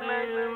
المؤمنين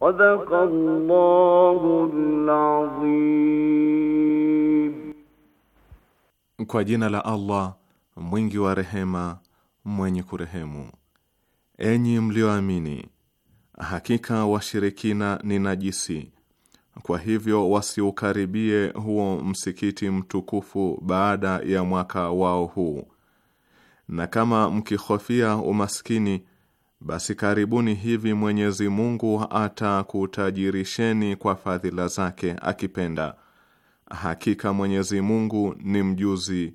صدق الله العظيم Kwa jina la Allah mwingi wa rehema, mwenye kurehemu. Enyi mlioamini, hakika washirikina ni najisi, kwa hivyo wasiukaribie huo msikiti mtukufu baada ya mwaka wao huu. Na kama mkihofia umaskini, basi karibuni hivi Mwenyezi Mungu atakutajirisheni kwa fadhila zake akipenda. Hakika Mwenyezi Mungu ni mjuzi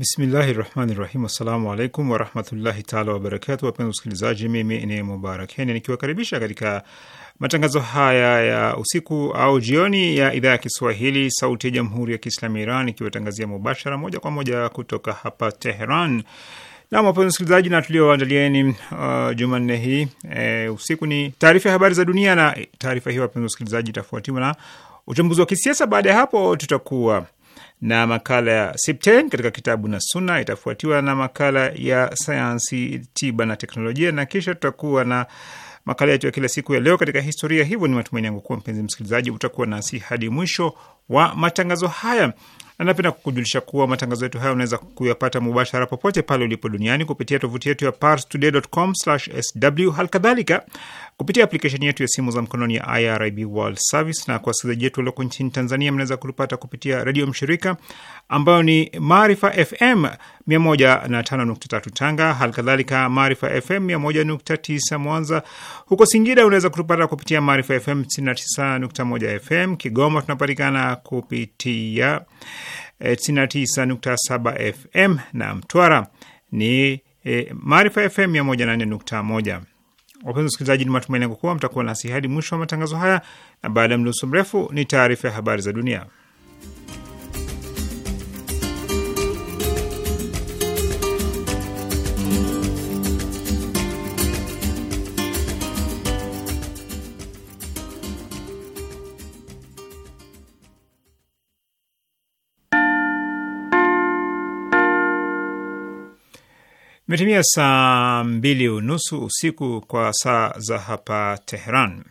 Bismillahi rahmani rahim. Assalamu alaikum warahmatullahi taala wabarakatu. Wapenzi wasikilizaji, mimi ni Mubarak Heni nikiwakaribisha katika matangazo haya ya usiku au jioni ya idhaa ya Kiswahili sauti ya jamhuri ya Kiislamu ya Iran ikiwatangazia mubashara moja kwa moja kutoka hapa Teheran. Nam, wapenzi msikilizaji, na tulioandalieni uh, Jumanne hii e, usiku ni taarifa ya habari za dunia, na taarifa hiyo wapenzi msikilizaji, itafuatiwa na uchambuzi wa kisiasa. Baada ya hapo tutakuwa na makala ya Sipten katika kitabu na Suna, itafuatiwa na makala ya sayansi, tiba na teknolojia, na kisha tutakuwa na makala yetu ya kila siku ya leo katika historia. Hivyo ni matumaini yangu kuwa mpenzi msikilizaji utakuwa nasi hadi mwisho wa matangazo haya. Napenda kukujulisha kuwa matangazo yetu haya unaweza kuyapata mubashara popote pale ulipo duniani kupitia tovuti yetu ya parstoday.com/sw. Halikadhalika kupitia aplikesheni yetu ya simu za mkononi ya IRIB World Service, na kwa wasikilizaji wetu walioko nchini Tanzania, mnaweza kutupata kupitia redio mshirika ambayo ni Maarifa FM 105.3 Tanga, halikadhalika Maarifa FM 101.9 Mwanza. Huko Singida unaweza kutupata kupitia Maarifa FM 99.1 FM. Kigoma tunapatikana kupitia 99.7 eh, FM na Mtwara ni e, Maarifa FM 141 Wapenzi wasikilizaji, ni matumaini yangu kuwa mtakuwa nasi hadi mwisho wa matangazo haya, na baada ya mdoso mrefu ni taarifa ya habari za dunia. Imetimia saa mbili unusu usiku kwa saa za hapa Tehran,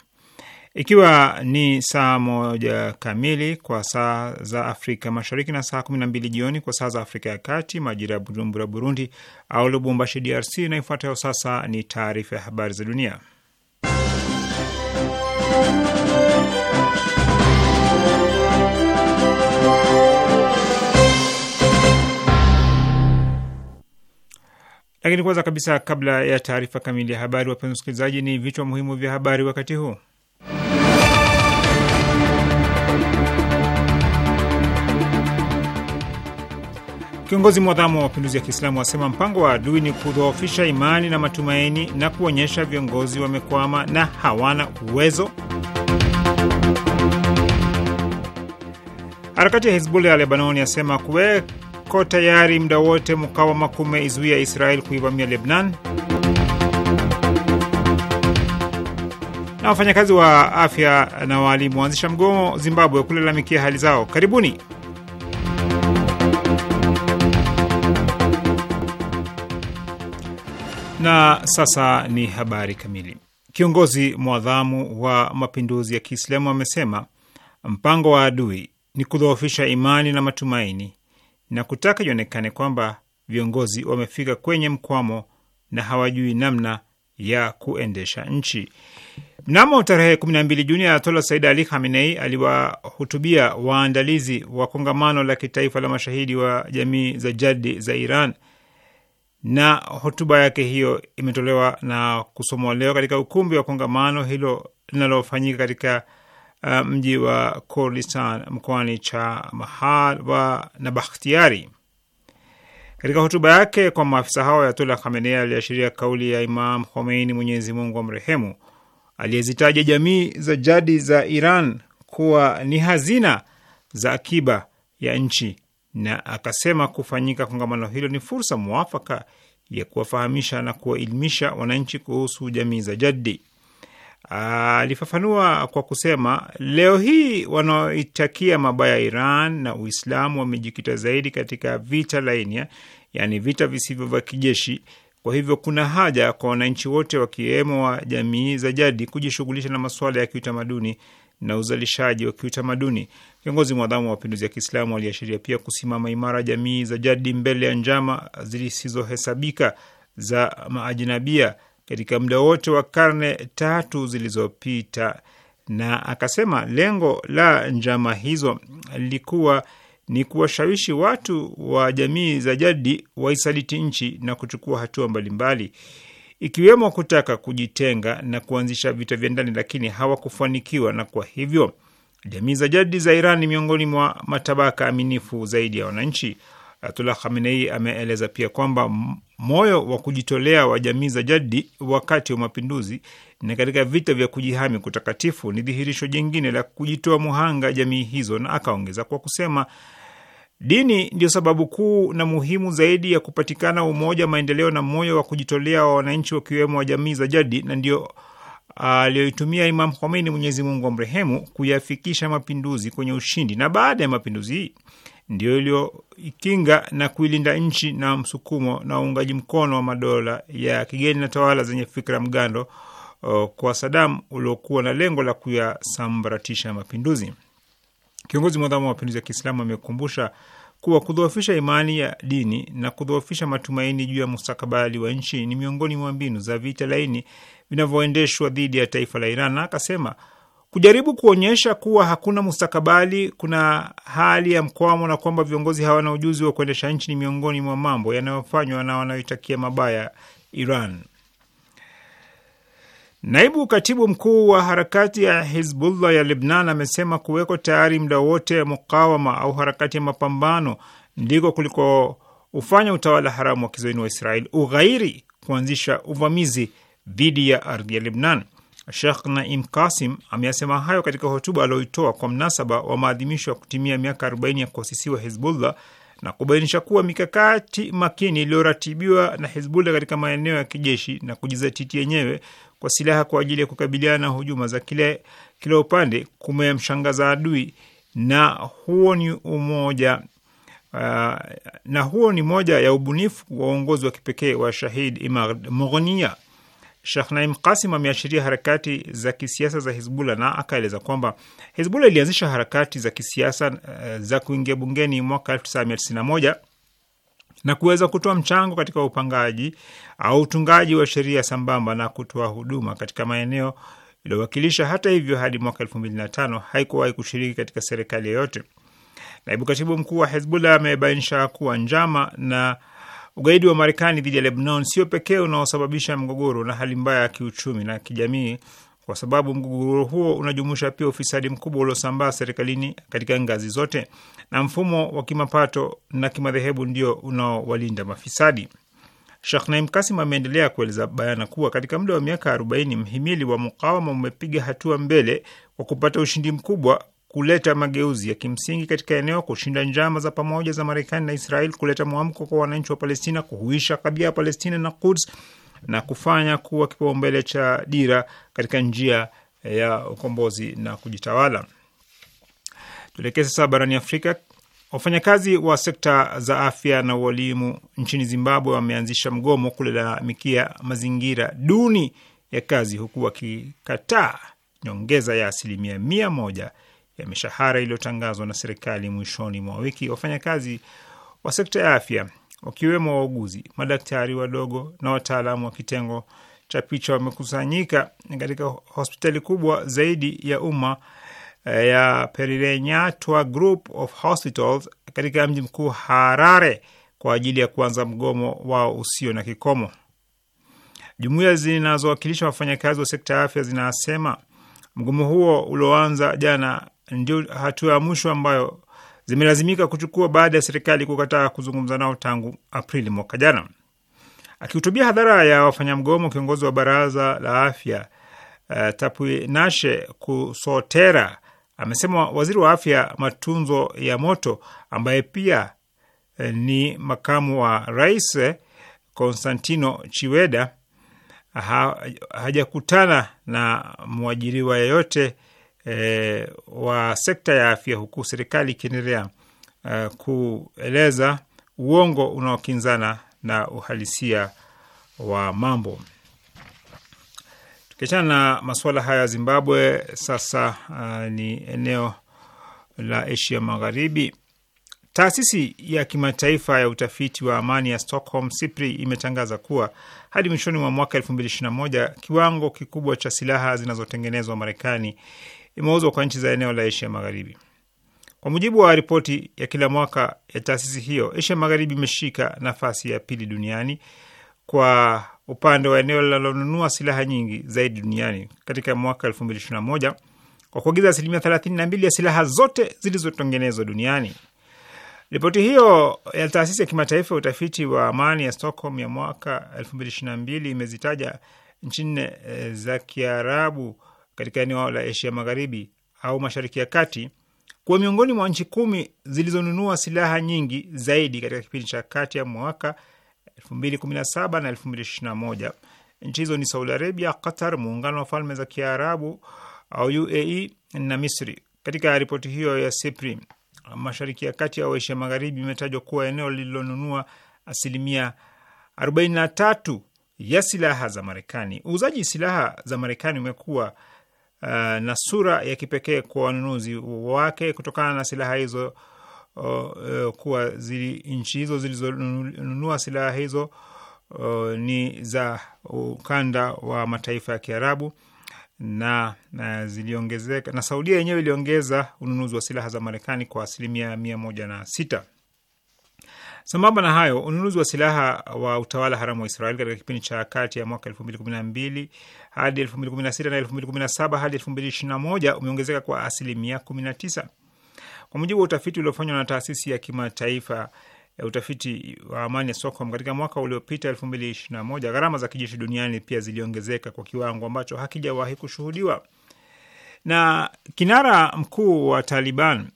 ikiwa ni saa moja kamili kwa saa za Afrika Mashariki na saa kumi na mbili jioni kwa saa za Afrika ya Kati, majira ya Bujumbura, Burundi au Lubumbashi, DRC. Na sasa ni taarifa ya habari za dunia. Lakini kwanza kabisa, kabla ya taarifa kamili ya habari, wapenzi wasikilizaji, ni vichwa muhimu vya habari wakati huu. Kiongozi mwadhamu wa mapinduzi ya Kiislamu wasema mpango wa adui ni kudhoofisha imani na matumaini na kuonyesha viongozi wamekwama na hawana uwezo. Harakati ya Hizbullah ya Lebanon asema kuwe mko tayari muda wote mukawama kumeizuia Israel kuivamia Lebnan. Na wafanyakazi wa afya na waalimu waanzisha mgomo Zimbabwe kulalamikia hali zao. Karibuni. Na sasa ni habari kamili. Kiongozi mwadhamu wa mapinduzi ya Kiislamu amesema mpango wa adui ni kudhoofisha imani na matumaini na kutaka ionekane kwamba viongozi wamefika kwenye mkwamo na hawajui namna ya kuendesha nchi. Mnamo tarehe 12 Juni, anatola Said Ali Khamenei aliwahutubia waandalizi wa kongamano la kitaifa la mashahidi wa jamii za jadi za Iran, na hotuba yake hiyo imetolewa na kusomwa leo katika ukumbi wa kongamano hilo linalofanyika katika Uh, mji wa Kurdistan mkoani wa na Bakhtiari. Katika hotuba yake kwa maafisa hao, Ayatullah Khamenei aliashiria kauli ya Imam Khomeini, Mwenyezi Mungu amrehemu, aliyezitaja jamii za jadi za Iran kuwa ni hazina za akiba ya nchi, na akasema kufanyika kongamano hilo ni fursa mwafaka ya kuwafahamisha na kuwaelimisha wananchi kuhusu jamii za jadi alifafanua kwa kusema, leo hii wanaoitakia mabaya Iran na Uislamu wamejikita zaidi katika vita lainia, yaani vita visivyo vya kijeshi. Kwa hivyo kuna haja kwa wananchi wote wakiwemo wa jamii za jadi kujishughulisha na masuala ya kiutamaduni na uzalishaji wa kiutamaduni. Kiongozi mwadhamu wa mapinduzi ya Kiislamu aliashiria pia kusimama imara jamii za jadi mbele ya njama zisizohesabika za maajinabia katika muda wote wa karne tatu zilizopita, na akasema lengo la njama hizo lilikuwa ni kuwashawishi watu wa jamii za jadi waisaliti nchi na kuchukua hatua mbalimbali ikiwemo kutaka kujitenga na kuanzisha vita vya ndani, lakini hawakufanikiwa, na kwa hivyo jamii za jadi za Iran ni miongoni mwa matabaka aminifu zaidi ya wananchi. Ayatullah Khamenei ameeleza pia kwamba moyo wa kujitolea wa jamii za jadi wakati wa mapinduzi na katika vita vya kujihami kutakatifu ni dhihirisho jingine la kujitoa muhanga jamii hizo, na akaongeza kwa kusema dini ndio sababu kuu na muhimu zaidi ya kupatikana umoja, maendeleo na moyo wa kujitolea wa wananchi wakiwemo wa jamii za jadi, na ndio ah, aliyoitumia uh, Imam Khomeini, Mwenyezi Mungu amrehemu, kuyafikisha mapinduzi kwenye ushindi. Na baada ya mapinduzi ndiyo iliyoikinga na kuilinda nchi na msukumo na uungaji mkono wa madola ya kigeni na tawala zenye fikra mgando o, kwa Sadam uliokuwa na lengo la kuyasambaratisha mapinduzi. Kiongozi mwadhamu wa mapinduzi ya Kiislamu amekumbusha kuwa kudhoofisha imani ya dini na kudhoofisha matumaini juu ya mustakabali wa nchi ni miongoni mwa mbinu za vita laini vinavyoendeshwa dhidi ya taifa la Iran, na akasema Kujaribu kuonyesha kuwa hakuna mustakabali, kuna hali ya mkwamo na kwamba viongozi hawana ujuzi wa kuendesha nchi ni miongoni mwa mambo yanayofanywa na wanaoitakia mabaya Iran. Naibu katibu mkuu wa harakati ya Hizbullah ya Lebnan amesema kuweko tayari muda wote mukawama au harakati ya mapambano ndiko kuliko ufanya utawala haramu wa kizoeni wa Israel ughairi kuanzisha uvamizi dhidi ya ardhi ya Lebnan. Shekh Naim Kasim ameyasema hayo katika hotuba aliyoitoa kwa mnasaba wa maadhimisho ya kutimia miaka 40 ya kuasisiwa Hizbullah na kubainisha kuwa mikakati makini iliyoratibiwa na Hizbullah katika maeneo ya kijeshi na kujizatiti yenyewe kwa silaha kwa ajili ya kukabiliana na hujuma za kila, kila upande kumemshangaza adui, na huo ni umoja uh, na huo ni moja ya ubunifu wa uongozi wa kipekee wa Shahid Imad Mughniya. Sheikh Naim Kasim ameashiria harakati za kisiasa za Hizbullah na akaeleza kwamba Hizbullah ilianzisha harakati za kisiasa eh, za kuingia bungeni mwaka 1991 na kuweza kutoa mchango katika upangaji au utungaji wa sheria sambamba na kutoa huduma katika maeneo iliyowakilisha. Hata hivyo, hadi mwaka 2005 haikuwahi kushiriki katika serikali yoyote. Naibu katibu mkuu wa Hezbollah amebainisha kuwa njama na Ugaidi wa Marekani dhidi ya Lebanon sio pekee unaosababisha mgogoro na hali mbaya ya kiuchumi na kijamii, kwa sababu mgogoro huo unajumuisha pia ufisadi mkubwa uliosambaa serikalini katika ngazi zote, na mfumo wa kimapato na kimadhehebu ndio unaowalinda mafisadi. Sheikh Naim Kasim ameendelea kueleza bayana kuwa katika muda wa miaka 40 mhimili wa mukawama umepiga hatua mbele kwa kupata ushindi mkubwa kuleta mageuzi ya kimsingi katika eneo, kushinda njama za pamoja za Marekani na Israel, kuleta mwamko kwa wananchi wa Palestina, kuhuisha kabia ya Palestina na Kuds na kufanya kuwa kipaumbele cha dira katika njia eh, ya ukombozi na kujitawala. Tuelekee sasa barani Afrika. Wafanyakazi wa sekta za afya na ualimu nchini Zimbabwe wameanzisha mgomo kulalamikia mazingira duni ya kazi, huku wakikataa nyongeza ya asilimia mia moja ya mishahara iliyotangazwa na serikali mwishoni mwa wiki, wafanyakazi wa sekta ya afya wakiwemo wauguzi, madaktari wadogo na wataalamu wa kitengo cha picha wamekusanyika katika hospitali kubwa zaidi ya umma eh, ya Perirenyatwa Group of Hospitals katika mji mkuu Harare kwa ajili ya kuanza mgomo wao usio na kikomo. Jumuiya zinazowakilisha wafanyakazi wa sekta ya afya zinasema mgomo huo ulioanza jana ndio hatua ya mwisho ambayo zimelazimika kuchukua baada ya serikali kukataa kuzungumza nao tangu Aprili mwaka jana. Akihutubia hadhara ya wafanyamgomo, kiongozi wa baraza la afya uh, Tapuinashe Kusotera amesema waziri wa afya Matunzo ya Moto ambaye pia uh, ni makamu wa rais eh, Konstantino Chiweda ha, hajakutana na mwajiriwa yeyote e, wa sekta ya afya, huku serikali ikiendelea uh, kueleza uongo unaokinzana na uhalisia wa mambo. Tukiachana na masuala haya ya Zimbabwe, sasa uh, ni eneo la Asia Magharibi. Taasisi ya kimataifa ya utafiti wa amani ya Stockholm SIPRI imetangaza kuwa hadi mwishoni mwa mwaka 2021 kiwango kikubwa cha silaha zinazotengenezwa Marekani imeuzwa kwa nchi za eneo la Asia Magharibi. Kwa mujibu wa ripoti ya kila mwaka ya taasisi hiyo, Asia Magharibi imeshika nafasi ya pili duniani kwa upande wa eneo linalonunua silaha nyingi zaidi duniani katika mwaka 2021 kwa kuagiza asilimia 32 ya silaha zote zilizotengenezwa duniani. Ripoti hiyo ya taasisi ya kimataifa ya utafiti wa amani ya Stockholm ya mwaka 2022 imezitaja nchi nne eh, za Kiarabu katika eneo la Asia Magharibi au Mashariki ya Kati kuwa miongoni mwa nchi kumi zilizonunua silaha nyingi zaidi katika kipindi cha kati ya mwaka 2017 na 2021. Nchi hizo ni Saudi Arabia, Qatar, Muungano wa Falme za Kiarabu au UAE na Misri. Katika ripoti hiyo ya SIPRI, Mashariki ya Kati au Asia Magharibi imetajwa kuwa eneo lililonunua asilimia 43 ya silaha za Marekani. Uuzaji silaha za Marekani umekuwa uh, na sura ya kipekee kwa wanunuzi wake kutokana na silaha hizo uh, uh, kuwa nchi hizo zilizonunua silaha hizo uh, ni za ukanda wa mataifa ya Kiarabu na, na ziliongezeka na Saudia yenyewe iliongeza ununuzi wa silaha za Marekani kwa asilimia mia moja na sita. Sambamba na hayo, ununuzi wa silaha wa utawala haramu wa Israel katika kipindi cha kati ya mwaka elfu mbili kumi na mbili hadi 2016 na 2017 hadi 2021 umeongezeka kwa asilimia 19 kwa mujibu wa utafiti uliofanywa na taasisi ya kimataifa ya utafiti wa amani ya Stockholm. Katika mwaka uliopita 2021, gharama za kijeshi duniani pia ziliongezeka kwa kiwango ambacho hakijawahi kushuhudiwa. Na kinara mkuu wa Taliban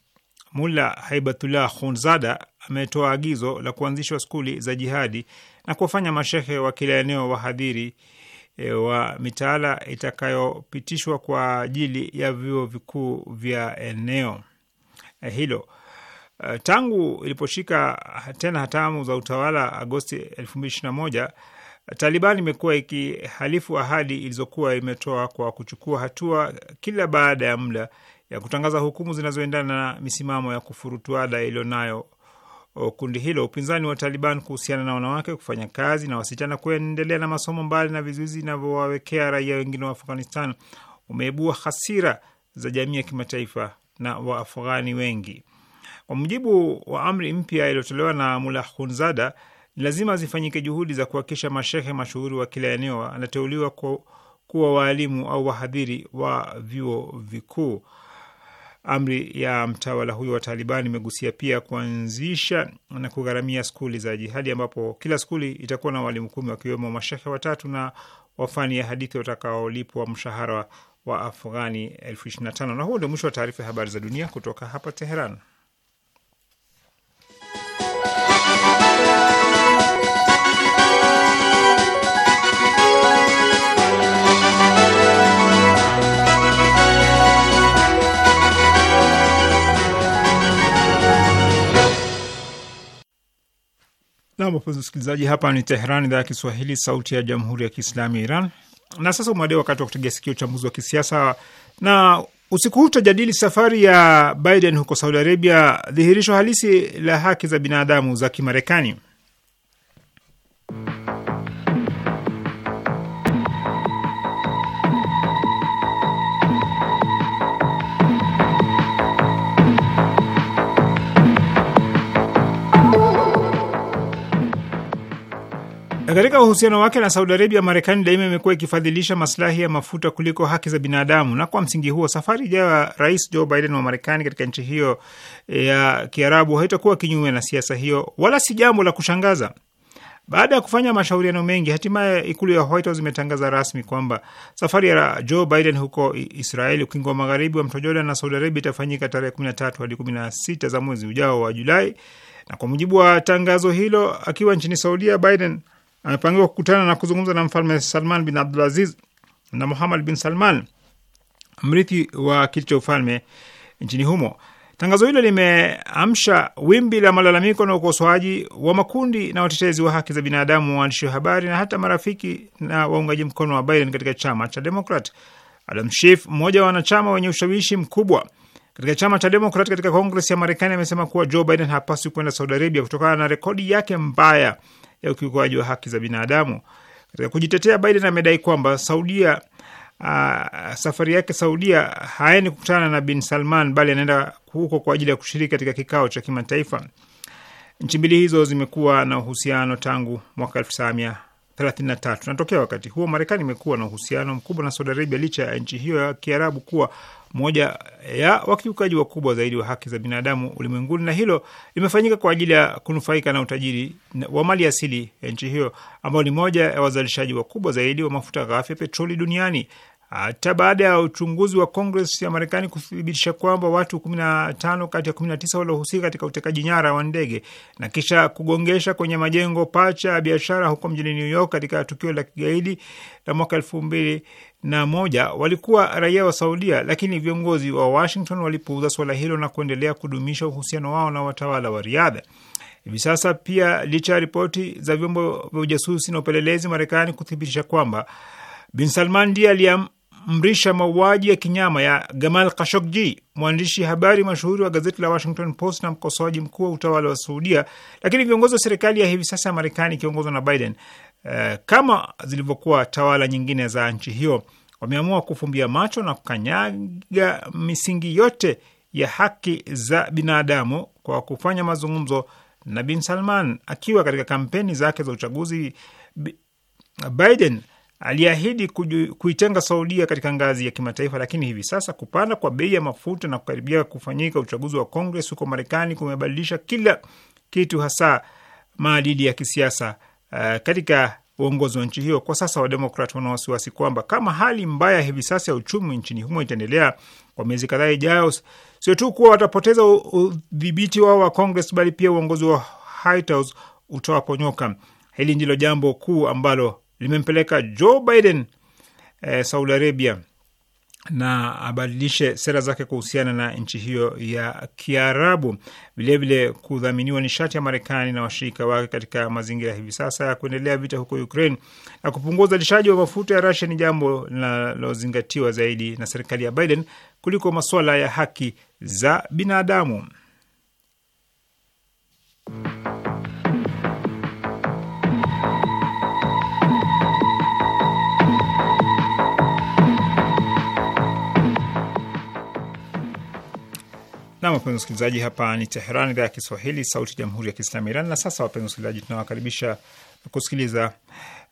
Mulla Haibatullah Khunzada ametoa agizo la kuanzishwa skuli za jihadi na kuwafanya mashehe wa kila eneo wahadhiri E, wa mitaala itakayopitishwa kwa ajili ya vyuo vikuu vya eneo e, hilo. E, tangu iliposhika tena hatamu za utawala Agosti 2021, Taliban imekuwa ikihalifu ahadi ilizokuwa imetoa kwa kuchukua hatua kila baada ya muda ya kutangaza hukumu zinazoendana na misimamo ya kufurutuada iliyonayo kundi hilo upinzani wa Taliban kuhusiana na wanawake kufanya kazi na wasichana kuendelea na masomo, mbali na vizuizi inavyowawekea raia wengine wa Afghanistan, umeibua hasira za jamii ya kimataifa na Waafghani wengi. Kwa mujibu wa amri mpya iliyotolewa na Mula hunzada ni lazima zifanyike juhudi za kuhakikisha mashehe mashuhuri wa kila eneo anateuliwa kuwa waalimu au wahadhiri wa vyuo vikuu. Amri ya mtawala huyo wa Taliban imegusia pia kuanzisha na kugharamia skuli za jihadi, ambapo kila skuli itakuwa na walimu kumi wakiwemo mashehe watatu na wafani ya hadithi watakaolipwa mshahara wa Afghani elfu ishirini na tano. Na huo ndio mwisho wa taarifa ya habari za dunia kutoka hapa Teheran. Nam, wapenzi wasikilizaji, hapa ni Teheran, idhaa ya Kiswahili, sauti ya jamhuri ya kiislamu ya Iran. Na sasa umewadia wakati wa kutegea sikio uchambuzi wa kisiasa, na usiku huu tutajadili safari ya Biden huko Saudi Arabia, dhihirisho halisi la haki za binadamu za Kimarekani. katika uhusiano wake na Saudi Arabia, Marekani daima imekuwa ikifadhilisha masilahi ya mafuta kuliko haki za binadamu, na kwa msingi huo safari ijayo ya Rais Joe Biden wa Marekani katika nchi hiyo eh, ya Kiarabu haitakuwa kinyume na siasa hiyo, wala si jambo la kushangaza. Baada ya kufanya mashauriano mengi, hatimaye ikulu ya White House imetangaza rasmi kwamba safari ya Joe Biden huko Israeli, ukingo wa magharibi wa mto Jordan na Saudi Arabia itafanyika tarehe 13 hadi 16 za mwezi ujao wa Julai. Na kwa mujibu wa tangazo hilo, akiwa nchini Saudia, Biden anapangiwa kukutana na kuzungumza na mfalme Salman bin Abdulaziz na Muhammad bin Salman, mrithi wa kiti cha ufalme nchini humo. Tangazo hilo limeamsha wimbi la malalamiko na ukosoaji wa makundi na watetezi wa haki za binadamu, waandishi wa habari na hata marafiki na waungaji mkono wa Biden katika chama cha Demokrat. Adam Schiff, mmoja wa wanachama wenye ushawishi mkubwa katika chama cha Demokrat katika Kongres ya Marekani, amesema kuwa Joe Biden hapaswi kwenda Saudi Arabia kutokana na rekodi yake mbaya ya ukiukaji wa haki za binadamu. Katika kujitetea, Biden amedai kwamba Saudia Uh, safari yake Saudia haendi kukutana na bin Salman bali anaenda huko kwa ajili ya kushiriki katika kikao cha kimataifa. Nchi mbili hizo zimekuwa na uhusiano tangu mwaka 1933 na natokea wakati huo Marekani imekuwa na uhusiano mkubwa na Saudi Arabia licha ya nchi hiyo ya Kiarabu kuwa moja ya wakiukaji wakubwa zaidi wa haki za binadamu ulimwenguni, na hilo limefanyika kwa ajili ya kunufaika na utajiri wa mali asili ya nchi hiyo ambayo ni moja ya wazalishaji wakubwa zaidi wa mafuta ghafi ya petroli duniani hata baada ya uchunguzi wa Kongres ya Marekani kuthibitisha kwamba watu 15 kati ya 19 waliohusika katika utekaji nyara wa ndege na kisha kugongesha kwenye majengo pacha ya biashara huko mjini New York katika tukio la kigaidi la mwaka elfu mbili na moja walikuwa raia wa Saudia, lakini viongozi wa Washington walipuuza suala hilo na kuendelea kudumisha uhusiano wao na watawala wa Riadha. Hivi sasa pia, licha ya ripoti za vyombo vya ujasusi na upelelezi Marekani kuthibitisha kwamba Bin Salman ndiye mrisha mauaji ya kinyama ya Gamal Khashoggi, mwandishi habari mashuhuri wa gazeti la Washington Post na mkosoaji mkuu wa utawala wa Saudia, lakini viongozi wa serikali ya hivi sasa ya Marekani ikiongozwa na Biden, eh, kama zilivyokuwa tawala nyingine za nchi hiyo, wameamua kufumbia macho na kukanyaga misingi yote ya haki za binadamu kwa kufanya mazungumzo na Bin Salman akiwa katika kampeni zake za uchaguzi. Biden aliahidi kuitenga Saudia katika ngazi ya kimataifa, lakini hivi sasa kupanda kwa bei ya mafuta na kukaribia kufanyika uchaguzi wa Kongres huko Marekani kumebadilisha kila kitu, hasa maadili ya kisiasa uh, katika uongozi wa nchi hiyo. Kwa sasa Wademokrat wana wasiwasi kwamba kama hali mbaya hivi sasa ya uchumi nchini humo itaendelea kwa miezi kadhaa ijayo, sio tu kuwa watapoteza udhibiti wao wa Kongres, bali pia uongozi wa White House utawaponyoka. Hili ndilo jambo kuu ambalo limempeleka Joe Biden e, Saudi Arabia na abadilishe sera zake kuhusiana na nchi hiyo ya Kiarabu. Vilevile kudhaminiwa nishati ya Marekani na washirika wake katika mazingira hivi sasa ya kuendelea vita huko Ukraine na kupungua uzalishaji wa mafuta ya rasia ni jambo linalozingatiwa zaidi na serikali ya Biden kuliko masuala ya haki za binadamu. Na wapenzi wasikilizaji, hapa ni Teheran, idhaa ya Kiswahili, sauti ya jamhuri ya kiislamu Iran. Na sasa wapenzi wasikilizaji, tunawakaribisha kusikiliza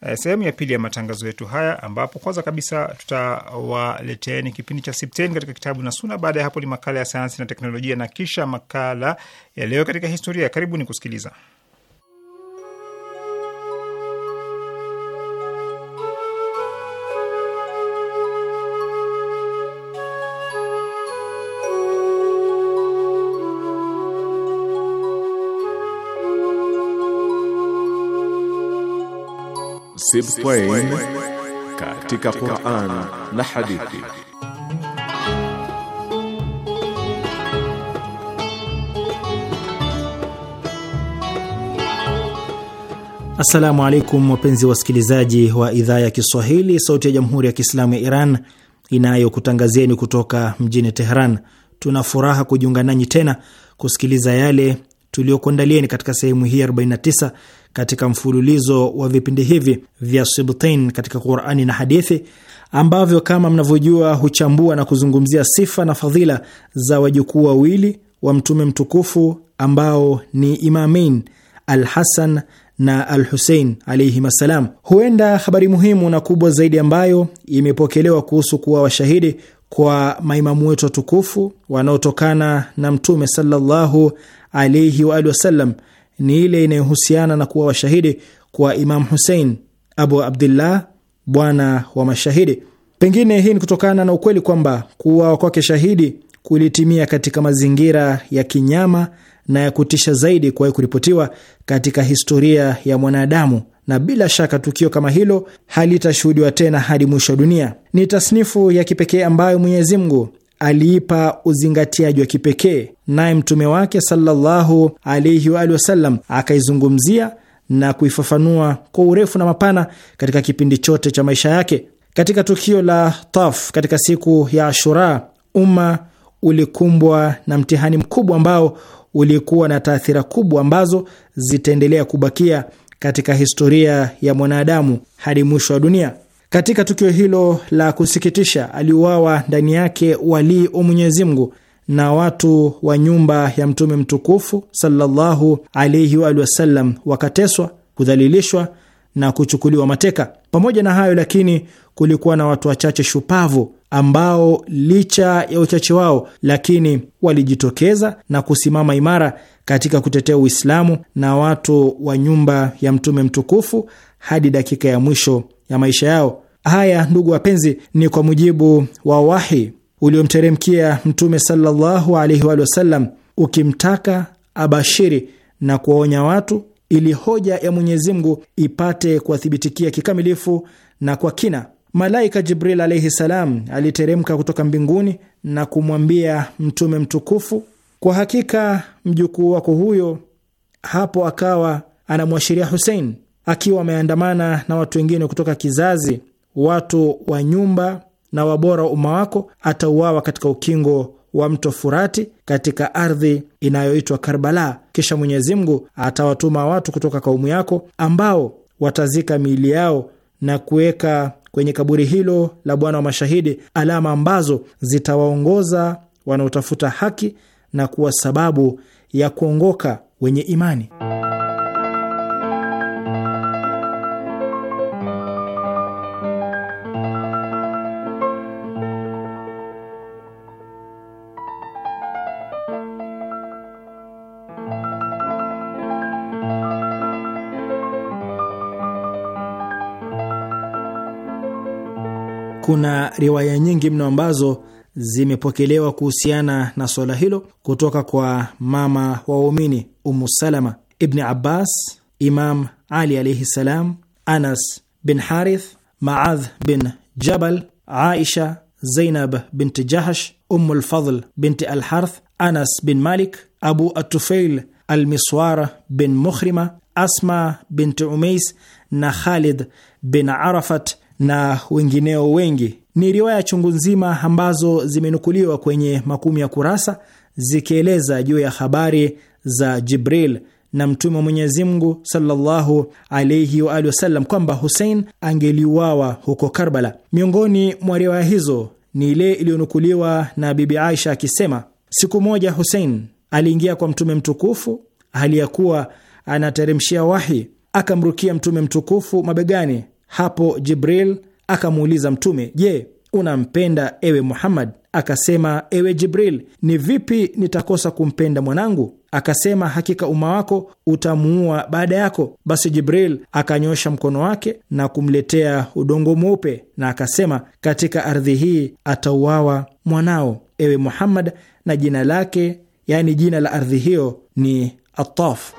eh, sehemu ya pili ya matangazo yetu haya, ambapo kwanza kabisa tutawaleteni kipindi cha Sipteni katika kitabu na Suna. Baada ya hapo ni makala ya sayansi na teknolojia, na kisha makala ya leo katika historia. Karibuni kusikiliza. Sibtain katika Qur'an na hadithi. Assalamu alaikum wapenzi wasikilizaji wa idhaa ya Kiswahili sauti ya Jamhuri ya Kiislamu ya Iran inayokutangazieni kutoka mjini Tehran. Tuna furaha kujiunga nanyi tena kusikiliza yale tuliyokuandalieni katika sehemu hii 49 katika mfululizo wa vipindi hivi vya Sibtain katika Qurani na hadithi ambavyo kama mnavyojua huchambua na kuzungumzia sifa na fadhila za wajukuu wawili wa mtume mtukufu ambao ni Imamain Al-Hasan na Al-Husein assalam. Huenda habari muhimu na kubwa zaidi ambayo imepokelewa kuhusu kuwa washahidi kwa maimamu wetu watukufu wanaotokana na mtume sallallahu alaihi waalihi wasallam wa ni ile inayohusiana na kuwa washahidi kwa Imam husein Abu Abdillah, bwana wa mashahidi. Pengine hii ni kutokana na ukweli kwamba kuuawa kwake shahidi kulitimia katika mazingira ya kinyama na ya kutisha zaidi kuwahi kuripotiwa katika historia ya mwanadamu, na bila shaka tukio kama hilo halitashuhudiwa tena hadi mwisho wa dunia. Ni tasnifu ya kipekee ambayo Mwenyezi Mungu aliipa uzingatiaji wa kipekee, naye mtume wake sallallahu alaihi wa alihi wasallam akaizungumzia na kuifafanua kwa urefu na mapana katika kipindi chote cha maisha yake. Katika tukio la Taf katika siku ya Ashura, umma ulikumbwa na mtihani mkubwa ambao ulikuwa na taathira kubwa ambazo zitaendelea kubakia katika historia ya mwanadamu hadi mwisho wa dunia. Katika tukio hilo la kusikitisha, aliuawa ndani yake walii wa Mwenyezi Mungu na watu wa nyumba ya mtume mtukufu sallallahu alaihi wa wasallam wakateswa, kudhalilishwa na kuchukuliwa mateka. Pamoja na hayo lakini, kulikuwa na watu wachache shupavu ambao licha ya uchache wao, lakini walijitokeza na kusimama imara katika kutetea Uislamu na watu wa nyumba ya mtume mtukufu hadi dakika ya mwisho ya maisha yao. Haya, ndugu wapenzi, ni kwa mujibu wa wahi uliomteremkia Mtume sallallahu alaihi wa sallam, ukimtaka abashiri na kuwaonya watu ili hoja ya Mwenyezi Mungu ipate kuwathibitikia kikamilifu na kwa kina. Malaika Jibril alaihi salam aliteremka kutoka mbinguni na kumwambia Mtume mtukufu, kwa hakika mjukuu wako huyo. Hapo akawa anamwashiria Husein akiwa wameandamana na watu wengine kutoka kizazi watu wa nyumba na wabora umma wako, atauawa katika ukingo wa mto Furati katika ardhi inayoitwa Karbala. Kisha Mwenyezi Mungu atawatuma watu kutoka kaumu yako ambao watazika miili yao na kuweka kwenye kaburi hilo la Bwana wa mashahidi alama ambazo zitawaongoza wanaotafuta haki na kuwa sababu ya kuongoka wenye imani. kuna riwaya nyingi mno ambazo zimepokelewa kuhusiana na swala hilo kutoka kwa mama wa waumini Umu Salama, Ibni Abbas, Imam Ali alaihi salam, Anas bin Harith, Maadh bin Jabal, Aisha, Zainab binti Jahash, Umu Lfadl binti Alharth, Anas bin Malik, Abu Atufail Almiswar bin Mukhrima, Asma binti Umais na Khalid bin Arafat na wengineo wengi. Ni riwaya chungu nzima ambazo zimenukuliwa kwenye makumi ya kurasa zikieleza juu ya habari za Jibril na Mtume wa Mwenyezi Mungu sallallahu wa alihi wasallam kwamba Hussein angeliuawa huko Karbala. Miongoni mwa riwaya hizo ni ile iliyonukuliwa na Bibi Aisha akisema, siku moja Hussein aliingia kwa Mtume mtukufu hali ya kuwa anateremshia wahi, akamrukia Mtume mtukufu mabegani hapo Jibril akamuuliza Mtume, je, unampenda ewe Muhammad? Akasema, ewe Jibril, ni vipi nitakosa kumpenda mwanangu? Akasema, hakika umma wako utamuua baada yako. Basi Jibril akanyosha mkono wake na kumletea udongo mweupe, na akasema, katika ardhi hii atauawa mwanao, ewe Muhammad, na jina lake, yaani jina la ardhi hiyo ni Ataf.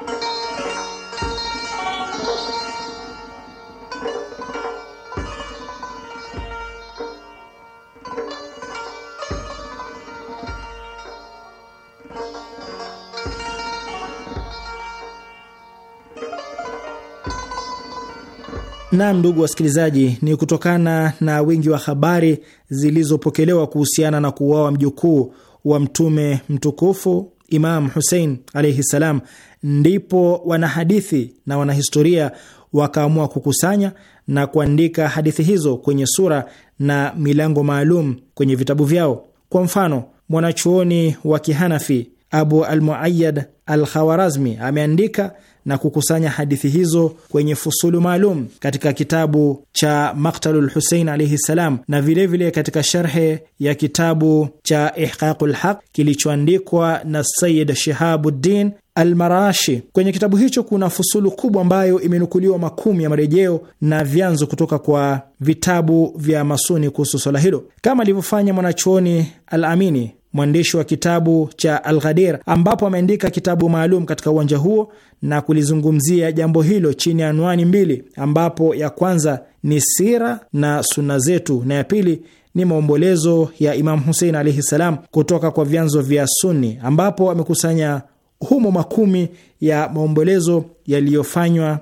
Naam, ndugu wasikilizaji, ni kutokana na wingi wa habari zilizopokelewa kuhusiana na kuuawa mjukuu wa Mtume mtukufu Imam Husein alaihi ssalam, ndipo wanahadithi na wanahistoria wakaamua kukusanya na kuandika hadithi hizo kwenye sura na milango maalum kwenye vitabu vyao. Kwa mfano, mwanachuoni wa Kihanafi Abu Almuayad Alkhawarazmi ameandika na kukusanya hadithi hizo kwenye fusulu maalum katika kitabu cha Maktalu Lhusein alaihi ssalam, na vilevile vile katika sharhe ya kitabu cha Ihqaqu Lhaq kilichoandikwa na Sayid Shihabuddin Almarashi. Kwenye kitabu hicho kuna fusulu kubwa ambayo imenukuliwa makumi ya marejeo na vyanzo kutoka kwa vitabu vya masuni kuhusu swala hilo, kama alivyofanya mwanachuoni Al Amini mwandishi wa kitabu cha Alghadir, ambapo ameandika kitabu maalum katika uwanja huo na kulizungumzia jambo hilo chini ya anwani mbili, ambapo ya kwanza ni sira na suna zetu na ya pili ni maombolezo ya Imam Husein alaihi ssalam kutoka kwa vyanzo vya Sunni, ambapo amekusanya humo makumi ya maombolezo yaliyofanywa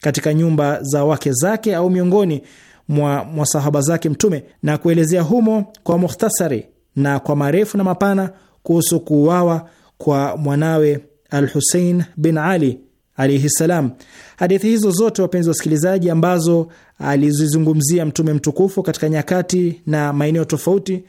katika nyumba za wake zake au miongoni mwa masahaba zake Mtume na kuelezea humo kwa mukhtasari na kwa marefu na mapana kuhusu kuuawa kwa mwanawe Al Husein bin Ali alaihi ssalam. Hadithi hizo zote, wapenzi wasikilizaji, ambazo alizizungumzia Mtume mtukufu katika nyakati na maeneo tofauti,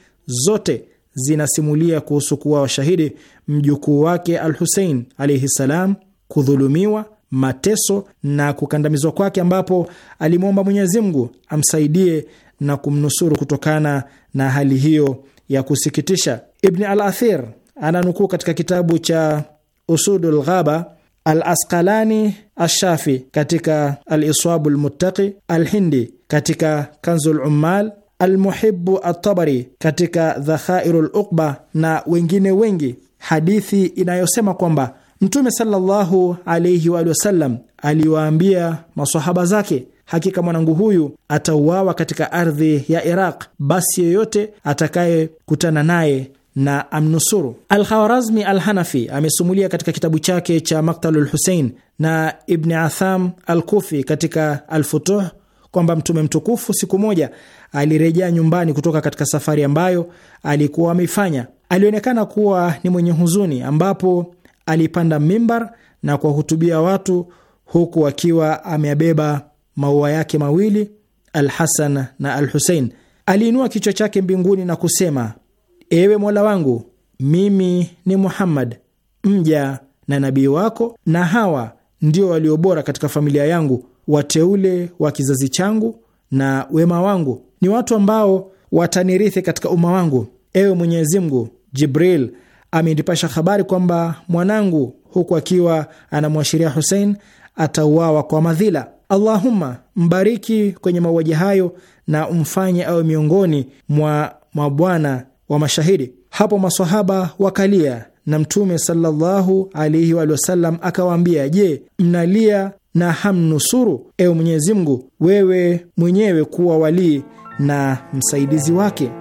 zote zinasimulia kuhusu kuuawa shahidi mjukuu wake Al Husein alaihi ssalam, kudhulumiwa mateso na kukandamizwa kwake, ambapo alimwomba Mwenyezi Mungu amsaidie na kumnusuru kutokana na hali hiyo ya kusikitisha. Ibni al Athir ananukuu katika kitabu cha Usudu lghaba Al-Asqalani Ashafi katika aliswabu iswabu Lmuttaqi, Alhindi katika Kanzu Lummal, Almuhibu Atabari katika Dhakhairu Luqba na wengine wengi hadithi inayosema kwamba Mtume sallallahu alaihi waali wasallam aliwaambia masahaba zake hakika mwanangu huyu atauawa katika ardhi ya Iraq, basi yeyote atakayekutana naye na amnusuru. Alkhawarazmi alhanafi Al-Hanafi amesumulia katika kitabu chake cha Maktalu lhusein na Ibni Atham Al-Kufi katika Al-Futuh kwamba Mtume mtukufu siku moja alirejea nyumbani kutoka katika safari ambayo alikuwa ameifanya. Alionekana kuwa ni mwenye huzuni, ambapo alipanda mimbar na kuwahutubia watu huku akiwa ameabeba maua yake mawili Alhasan na Alhusein. Aliinua kichwa chake mbinguni na kusema, ewe Mola wangu, mimi ni Muhammad mja na nabii wako, na hawa ndio waliobora katika familia yangu, wateule wa kizazi changu na wema wangu, ni watu ambao watanirithi katika umma wangu. Ewe Mwenyezi Mungu, Jibril amenipasha habari kwamba mwanangu, huku akiwa anamwashiria Husein, atauawa kwa madhila. Allahumma mbariki kwenye mauaji hayo na umfanye awe miongoni mwa mabwana wa mashahidi. Hapo maswahaba wakalia, na Mtume sallallahu alaihi wa sallam akawaambia, je, mnalia na hamnusuru? Ewe Mwenyezi Mungu, wewe mwenyewe kuwa walii na msaidizi wake.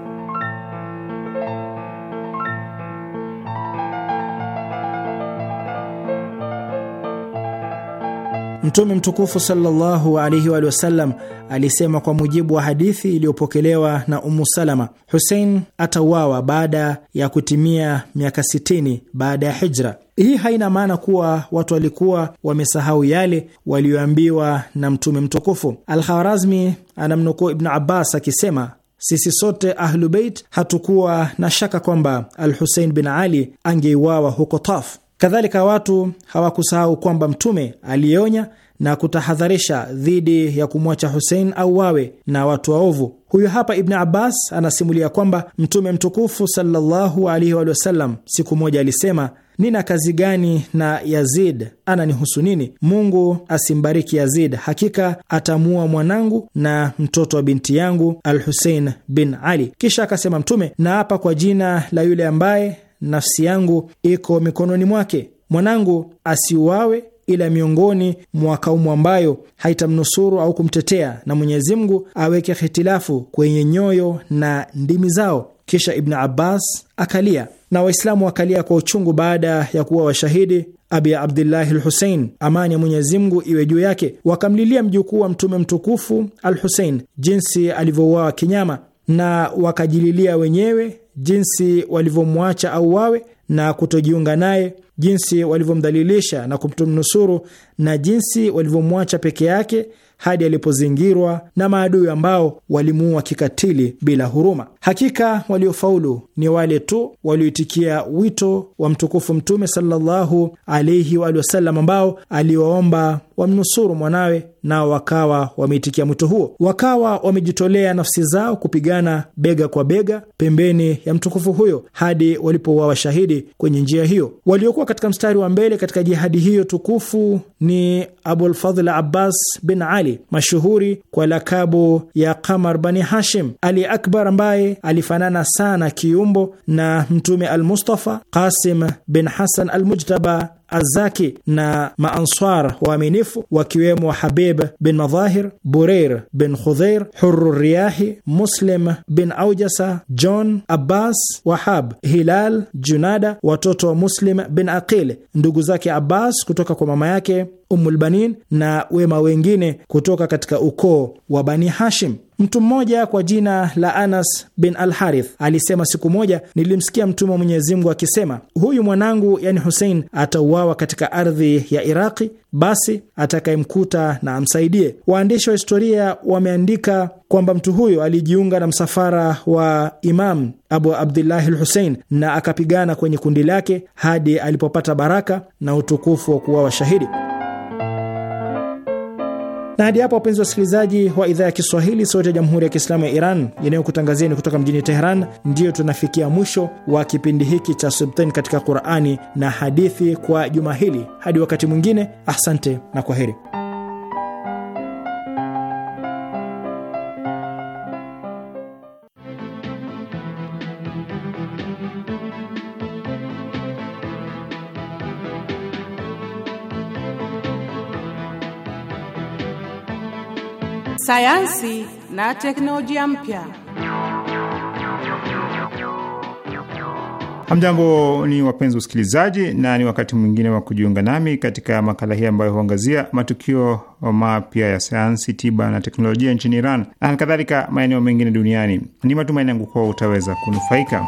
Mtume mtukufu sallallahu alaihi wa sallam alisema kwa mujibu wa hadithi iliyopokelewa na umu Salama, Husein atauawa baada ya kutimia miaka 60 baada ya hijra. Hii haina maana kuwa watu walikuwa wamesahau yale walioambiwa na mtume mtukufu. Al-Khawarazmi anamnukuu Ibnu Abbas akisema sisi sote Ahlubeit hatukuwa na shaka kwamba Al Husein bin Ali angeiwawa huko Taf. Kadhalika, watu hawakusahau kwamba Mtume alionya na kutahadharisha dhidi ya kumwacha Husein au wawe na watu waovu. Huyu hapa Ibn Abbas anasimulia kwamba Mtume mtukufu sallallahu alaihi wasallam siku moja alisema, nina kazi gani na Yazid? Ananihusu nini? Mungu asimbariki Yazid, hakika atamuua mwanangu na mtoto wa binti yangu Al Husein bin Ali. Kisha akasema Mtume, naapa kwa jina la yule ambaye nafsi yangu iko mikononi mwake, mwanangu asiuawe ila miongoni mwa kaumu ambayo haitamnusuru au kumtetea, na Mwenyezi Mungu aweke hitilafu kwenye nyoyo na ndimi zao. Kisha Ibn Abbas akalia na Waislamu wakalia kwa uchungu baada ya kuwa washahidi Abi Abdillahi Lhusein, amani ya Mwenyezi Mungu iwe juu yake. Wakamlilia mjukuu wa Mtume mtukufu Al Husein, jinsi alivyouawa kinyama, na wakajililia wenyewe jinsi walivyomwacha au wawe na kutojiunga naye, jinsi walivyomdhalilisha na kutomnusuru na jinsi walivyomwacha peke yake hadi alipozingirwa na maadui ambao walimuua kikatili bila huruma. Hakika waliofaulu ni wale tu walioitikia wito wa mtukufu Mtume sallallahu alaihi wasallam, ambao aliwaomba wamnusuru mwanawe, nao wakawa wameitikia mwito huo, wakawa wamejitolea nafsi zao kupigana bega kwa bega pembeni ya mtukufu huyo hadi walipouawa shahidi kwenye njia hiyo. Waliokuwa katika mstari wa mbele katika jihadi hiyo tukufu ni Abulfadhl Abbas bin Ali, mashuhuri kwa lakabu ya Qamar bani Hashim, Ali Akbar ambaye alifanana sana kiumbo na Mtume Almustafa, Qasim bin Hasan Almujtaba Azaki na maanswar waaminifu wakiwemo Habib bin Madhahir, Bureir bin Khudheir, Huru Riyahi, Muslim bin Aujasa, John Abbas, Wahab, Hilal, Junada, watoto wa Muslim bin Aqil, ndugu zake Abbas kutoka kwa mama yake Umulbanin na wema wengine kutoka katika ukoo wa Bani Hashim. Mtu mmoja kwa jina la Anas bin al Harith alisema, siku moja nilimsikia Mtume wa Mwenyezi Mungu akisema, huyu mwanangu, yani Husein, atauawa katika ardhi ya Iraqi, basi atakayemkuta na amsaidie. Waandishi wa historia wameandika kwamba mtu huyo alijiunga na msafara wa Imam Abu Abdillahi lhusein na akapigana kwenye kundi lake hadi alipopata baraka na utukufu wa kuwa washahidi. Na hadi hapo, wapenzi wasikilizaji wa idhaa ya Kiswahili, Sauti ya Jamhuri ya Kiislamu ya Iran inayokutangazieni kutoka mjini Teheran, ndiyo tunafikia mwisho wa kipindi hiki cha Subtain katika Qurani na Hadithi kwa juma hili. Hadi wakati mwingine, asante na kwa heri. sayansi na teknolojia mpya. Hamjambo, ni wapenzi usikilizaji, na ni wakati mwingine wa kujiunga nami katika makala hii ambayo huangazia matukio mapya ya sayansi, tiba na teknolojia nchini Iran na kadhalika maeneo mengine duniani. Ni matumaini yangu kuwa utaweza kunufaika.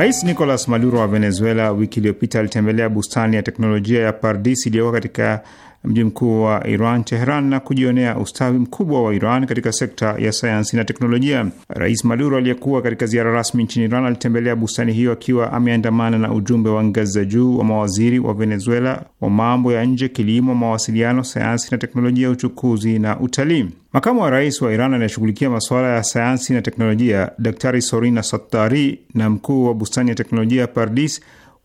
Rais Nicolas Maduro wa Venezuela wiki iliyopita alitembelea bustani ya teknolojia ya Pardis iliyoko katika mji mkuu wa Iran, Teheran, na kujionea ustawi mkubwa wa Iran katika sekta ya sayansi na teknolojia. Rais Maduro aliyekuwa katika ziara rasmi nchini Iran alitembelea bustani hiyo akiwa ameandamana na ujumbe wa ngazi za juu wa mawaziri wa Venezuela wa mambo ya nje, kilimo, mawasiliano, sayansi na teknolojia, uchukuzi na utalii. Makamu wa rais wa Iran anayeshughulikia masuala ya sayansi na teknolojia Daktari Sorina Sattari na mkuu wa bustani ya teknolojia Pardis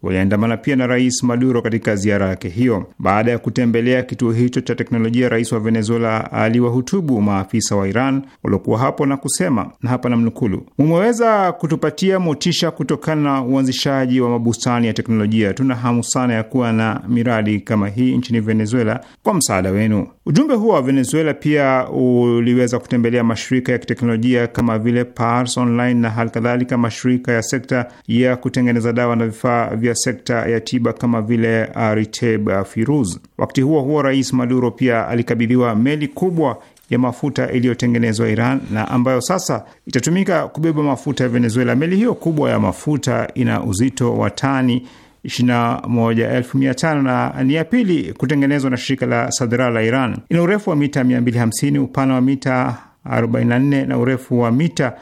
waliandamana pia na Rais Maduro katika ziara yake hiyo. Baada ya kutembelea kituo hicho cha teknolojia, rais wa Venezuela aliwahutubu maafisa wa Iran waliokuwa hapo na kusema, na hapa namnukulu: mumeweza kutupatia motisha kutokana na uanzishaji wa mabustani ya teknolojia. Tuna hamu sana ya kuwa na miradi kama hii nchini Venezuela kwa msaada wenu. Ujumbe huo wa Venezuela pia uliweza kutembelea mashirika ya kiteknolojia kama vile Pars Online na halikadhalika mashirika ya sekta ya kutengeneza dawa na vifaa vya sekta ya tiba kama vile Ariteb uh, uh, Firuz. Wakati huo huo, Rais Maduro pia alikabidhiwa meli kubwa ya mafuta iliyotengenezwa Iran na ambayo sasa itatumika kubeba mafuta ya Venezuela. Meli hiyo kubwa ya mafuta ina uzito wa tani 21,500 na ni ya pili kutengenezwa na shirika la Sadra la Iran. Ina urefu wa mita 250, upana wa mita 44 na urefu wa mita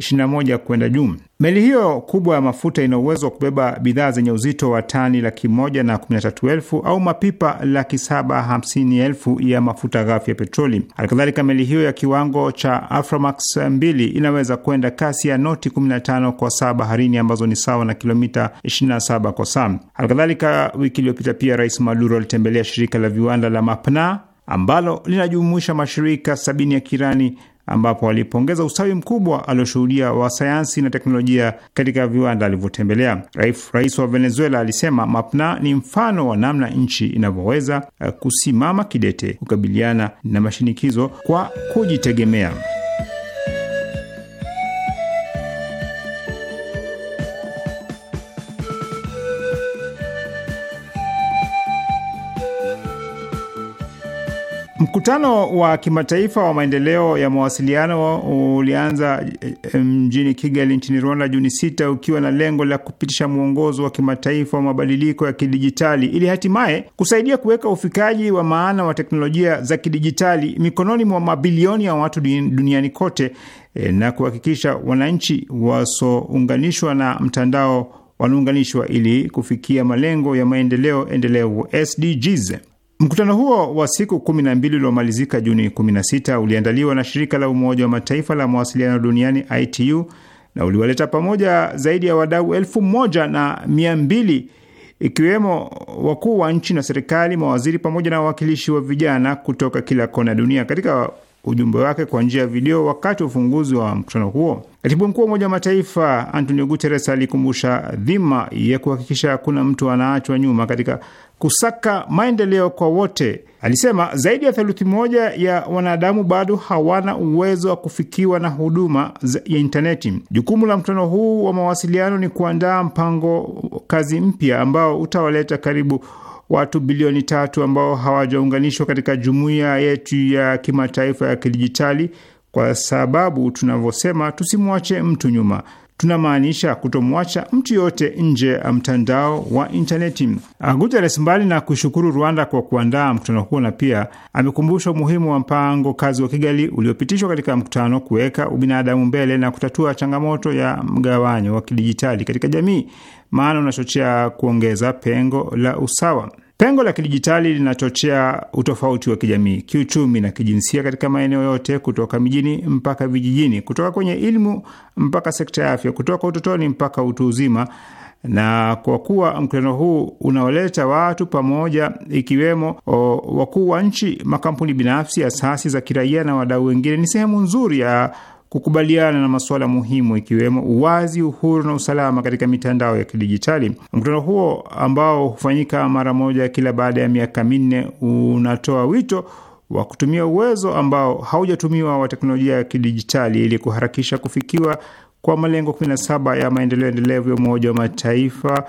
21 kwenda juu. Meli hiyo kubwa ya mafuta ina uwezo wa kubeba bidhaa zenye uzito wa tani laki moja na kumi na tatu elfu au mapipa laki saba hamsini elfu ya mafuta ghafi ya petroli. Halikadhalika, meli hiyo ya kiwango cha Aframax 2 inaweza kwenda kasi ya noti 15 kwa saa baharini ambazo ni sawa na kilomita 27 kwa saa. Halikadhalika, wiki iliyopita pia Rais Maduro alitembelea shirika la viwanda la Mapna ambalo linajumuisha mashirika sabini ya Kirani ambapo alipongeza ustawi mkubwa alioshuhudia wa sayansi na teknolojia katika viwanda alivyotembelea. Rais wa Venezuela alisema MAPNA ni mfano wa namna nchi inavyoweza eh, kusimama kidete kukabiliana na mashinikizo kwa kujitegemea. Mkutano wa kimataifa wa maendeleo ya mawasiliano ulianza eh, eh, mjini Kigali nchini Rwanda Juni 6 ukiwa na lengo la kupitisha mwongozo wa kimataifa wa mabadiliko ya kidijitali ili hatimaye kusaidia kuweka ufikaji wa maana wa teknolojia za kidijitali mikononi mwa mabilioni ya watu duniani kote eh, na kuhakikisha wananchi wasounganishwa na mtandao wanaunganishwa ili kufikia malengo ya maendeleo endelevu SDGs. Mkutano huo wa siku kumi na mbili uliomalizika Juni 16 uliandaliwa na shirika la Umoja wa Mataifa la mawasiliano duniani ITU na uliwaleta pamoja zaidi ya wadau elfu moja na mia mbili ikiwemo wakuu wa nchi na serikali, mawaziri pamoja na wawakilishi wa vijana kutoka kila kona ya dunia. Katika ujumbe wake kwa njia ya video wakati wa ufunguzi wa mkutano huo. Katibu mkuu wa Umoja wa Mataifa Antonio Guterres alikumbusha dhima ya kuhakikisha hakuna mtu anaachwa nyuma katika kusaka maendeleo kwa wote. Alisema zaidi ya theluthi moja ya wanadamu bado hawana uwezo wa kufikiwa na huduma ya intaneti. Jukumu la mkutano huu wa mawasiliano ni kuandaa mpango kazi mpya ambao utawaleta karibu watu bilioni tatu ambao hawajaunganishwa katika jumuiya yetu ya kimataifa ya kidijitali, kwa sababu tunavyosema tusimwache mtu nyuma tunamaanisha kutomwacha mtu yoyote nje ya mtandao wa intaneti. Guteres, mbali na kushukuru Rwanda kwa kuandaa mkutano huo, na pia amekumbusha umuhimu wa mpango kazi wa Kigali uliopitishwa katika mkutano, kuweka ubinadamu mbele na kutatua changamoto ya mgawanyo wa kidijitali katika jamii maana unachochea kuongeza pengo la usawa. Pengo la kidijitali linachochea utofauti wa kijamii, kiuchumi na kijinsia katika maeneo yote, kutoka mijini mpaka vijijini, kutoka kwenye elimu mpaka sekta ya afya, kutoka utotoni mpaka utu uzima. Na kwa kuwa mkutano huu unaoleta watu pamoja, ikiwemo wakuu wa nchi, makampuni binafsi, asasi za kiraia na wadau wengine, ni sehemu nzuri ya kukubaliana na masuala muhimu ikiwemo uwazi, uhuru na usalama katika mitandao ya kidijitali. Mkutano huo ambao hufanyika mara moja kila baada ya miaka minne unatoa wito wa kutumia uwezo ambao haujatumiwa wa teknolojia ya kidijitali ili kuharakisha kufikiwa kwa malengo 17 ya maendeleo endelevu ya Umoja wa Mataifa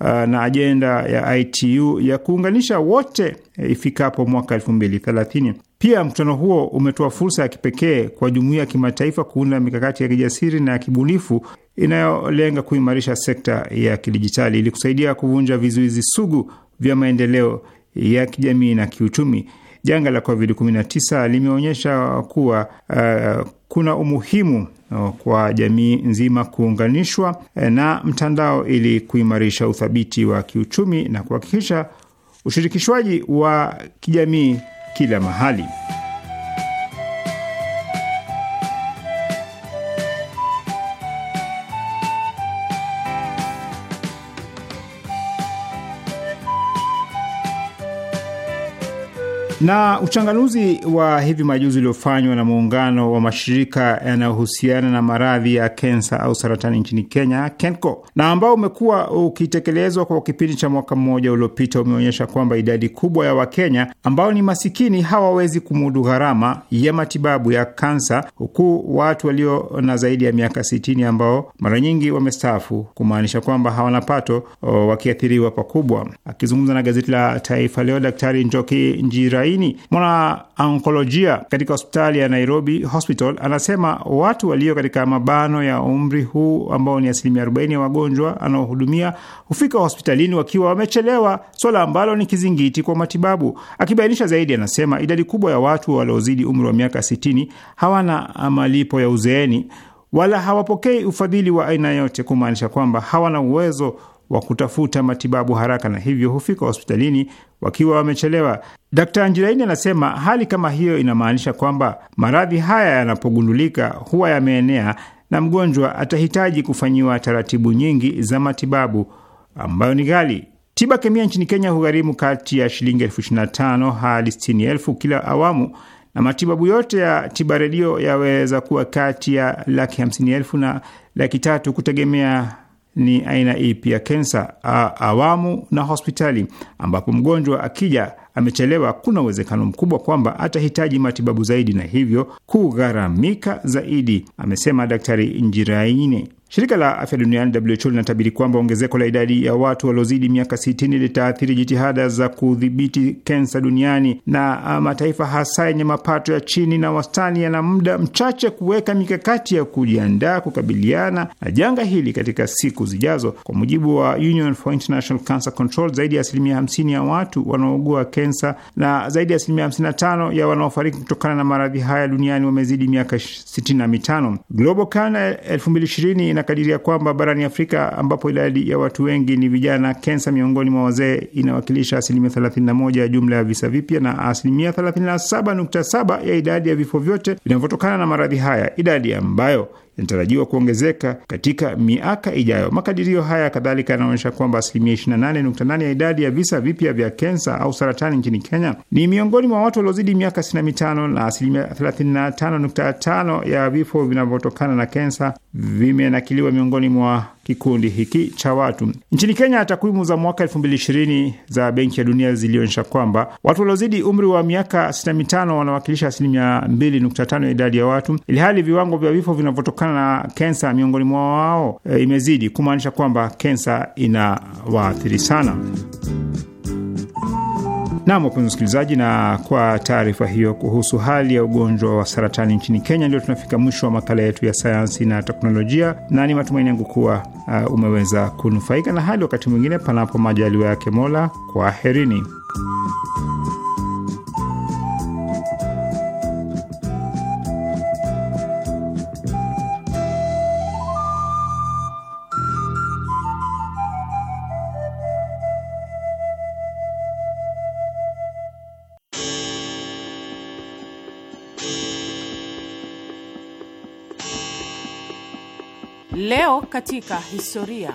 uh, na ajenda ya ITU ya kuunganisha wote eh, ifikapo mwaka 2030. Pia mkutano huo umetoa fursa ya kipekee kwa jumuiya ya kimataifa kuunda mikakati ya kijasiri na ya kibunifu inayolenga kuimarisha sekta ya kidijitali ili kusaidia kuvunja vizuizi sugu vya maendeleo ya kijamii na kiuchumi. Janga la COVID-19 limeonyesha kuwa uh, kuna umuhimu uh, kwa jamii nzima kuunganishwa uh, na mtandao ili kuimarisha uthabiti wa kiuchumi na kuhakikisha ushirikishwaji wa kijamii kila mahali. Na uchanganuzi wa hivi majuzi uliofanywa na muungano wa mashirika yanayohusiana na maradhi ya kensa au saratani nchini Kenya, KENCO, na ambao umekuwa ukitekelezwa kwa kipindi cha mwaka mmoja uliopita, umeonyesha kwamba idadi kubwa ya Wakenya ambao ni masikini hawawezi kumudu gharama ya matibabu ya kansa, huku watu walio na zaidi ya miaka sitini ambao mara nyingi wamestaafu, kumaanisha kwamba hawana pato, wakiathiriwa pakubwa. Akizungumza na gazeti la Taifa Leo, Daktari Njoki Njirai arobaini. Mwanaonkolojia katika hospitali ya Nairobi Hospital anasema watu walio katika mabano ya umri huu ambao ni asilimia arobaini ya wagonjwa anaohudumia hufika hospitalini wakiwa wamechelewa, swala ambalo ni kizingiti kwa matibabu. Akibainisha zaidi, anasema idadi kubwa ya watu waliozidi umri wa miaka sitini hawana malipo ya uzeeni wala hawapokei ufadhili wa aina yote, kumaanisha kwamba hawana uwezo wa kutafuta matibabu haraka na hivyo hufika hospitalini wakiwa wamechelewa. Dkt Anjiraini anasema hali kama hiyo inamaanisha kwamba maradhi haya yanapogundulika huwa yameenea na mgonjwa atahitaji kufanyiwa taratibu nyingi za matibabu ambayo ni ghali. Tiba kemia nchini Kenya hugharimu kati ya shilingi elfu ishirini na tano hadi sitini elfu kila awamu, na matibabu yote ya tiba redio yaweza kuwa kati ya laki hamsini elfu na laki tatu kutegemea ni aina ipi ya kensa, awamu na hospitali, ambapo mgonjwa akija amechelewa, kuna uwezekano mkubwa kwamba atahitaji matibabu zaidi na hivyo kugharamika zaidi, amesema Daktari Njiraine. Shirika la afya duniani WHO linatabiri kwamba ongezeko la idadi ya watu waliozidi miaka 60 litaathiri jitihada za kudhibiti kensa duniani, na uh, mataifa hasa yenye mapato ya chini na wastani yana muda mchache kuweka mikakati ya kujiandaa kukabiliana na janga hili katika siku zijazo. Kwa mujibu wa Union for International Cancer Control, zaidi ya asilimia 50 ya watu wanaougua kensa na zaidi ya asilimia 55 ya wanaofariki kutokana na maradhi haya duniani wamezidi miaka 65. Global Can 2020 ina inakadiria kwamba barani Afrika ambapo idadi ya watu wengi ni vijana, kensa miongoni mwa wazee inawakilisha asilimia 31 ya jumla ya visa vipya na asilimia 37.7 ya idadi ya vifo vyote vinavyotokana na maradhi haya, idadi ambayo inatarajiwa kuongezeka katika miaka ijayo. Makadirio haya kadhalika yanaonyesha kwamba asilimia 28.8 ya idadi ya visa vipya vya kensa au saratani nchini Kenya ni miongoni mwa watu waliozidi miaka 65 na asilimia 35.5 ya vifo vinavyotokana na kensa vimenakiliwa miongoni mwa kikundi hiki cha watu. Nchini Kenya, takwimu za mwaka 2020 za Benki ya Dunia zilionyesha kwamba watu waliozidi umri wa miaka 65 wanawakilisha asilimia 2.5 ya idadi ya watu, ilhali viwango vya vifo vinavyotokana na kensa miongoni mwa wao e, imezidi kumaanisha kwamba kensa inawaathiri sana. Nam, wapenzi msikilizaji, na kwa taarifa hiyo kuhusu hali ya ugonjwa wa saratani nchini Kenya, ndio tunafika mwisho wa makala yetu ya sayansi na teknolojia, na ni matumaini yangu kuwa uh, umeweza kunufaika na hali. Wakati mwingine, panapo majaliwa yake Mola, kwaherini. katika historia.